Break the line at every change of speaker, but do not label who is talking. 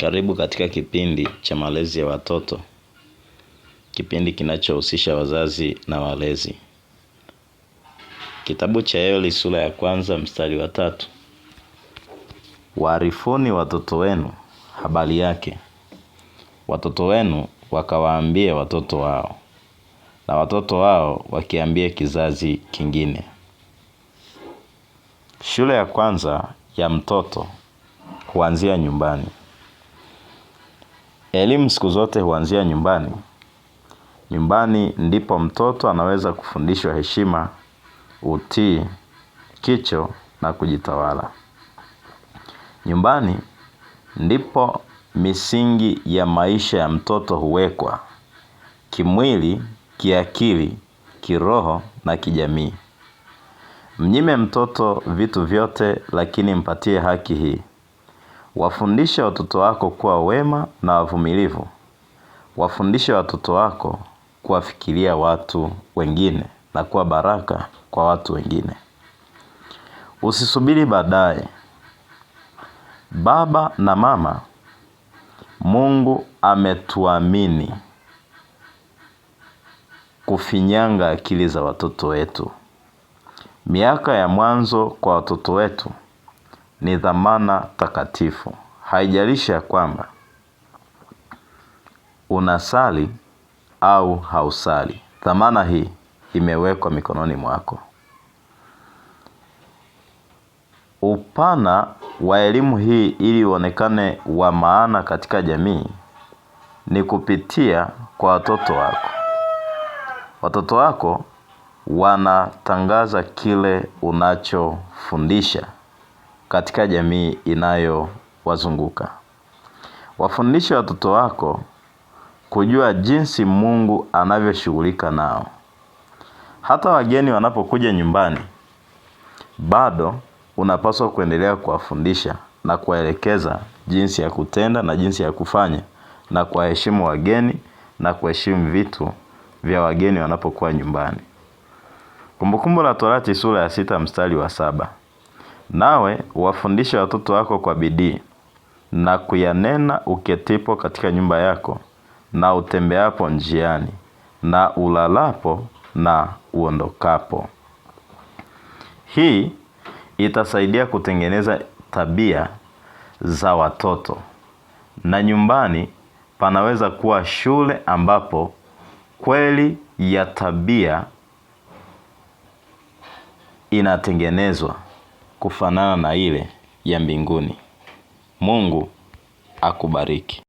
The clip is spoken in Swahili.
Karibu katika kipindi cha malezi ya watoto, kipindi kinachohusisha wazazi na walezi. Kitabu cha Yoeli sura ya kwanza mstari wa tatu waarifuni watoto wenu habari yake, watoto wenu wakawaambie watoto wao, na watoto wao wakiambie kizazi kingine. Shule ya kwanza ya mtoto huanzia nyumbani. Elimu siku zote huanzia nyumbani. Nyumbani ndipo mtoto anaweza kufundishwa heshima, utii, kicho na kujitawala. Nyumbani ndipo misingi ya maisha ya mtoto huwekwa, kimwili, kiakili, kiroho na kijamii. Mnyime mtoto vitu vyote lakini mpatie haki hii. Wafundishe watoto wako kuwa wema na wavumilivu. Wafundishe watoto wako kuwafikiria watu wengine na kuwa baraka kwa watu wengine. Usisubiri baadaye. Baba na mama, Mungu ametuamini kufinyanga akili za watoto wetu. Miaka ya mwanzo kwa watoto wetu ni dhamana takatifu. Haijalishi ya kwamba unasali au hausali, dhamana hii imewekwa mikononi mwako. Upana wa elimu hii ili uonekane wa maana katika jamii ni kupitia kwa watoto wako. Watoto wako wanatangaza kile unachofundisha katika jamii inayowazunguka. Wafundishe watoto wako kujua jinsi Mungu anavyoshughulika nao. Hata wageni wanapokuja nyumbani, bado unapaswa kuendelea kuwafundisha na kuwaelekeza jinsi ya kutenda na jinsi ya kufanya na kuwaheshimu wageni na kuheshimu vitu vya wageni wanapokuwa nyumbani. Kumbukumbu la Torati sura ya sita mstari wa saba. Nawe wafundishe watoto wako kwa bidii na kuyanena uketipo katika nyumba yako na utembeapo njiani na ulalapo na uondokapo. Hii itasaidia kutengeneza tabia za watoto na nyumbani panaweza kuwa shule ambapo kweli ya tabia inatengenezwa kufanana na ile ya mbinguni. Mungu akubariki.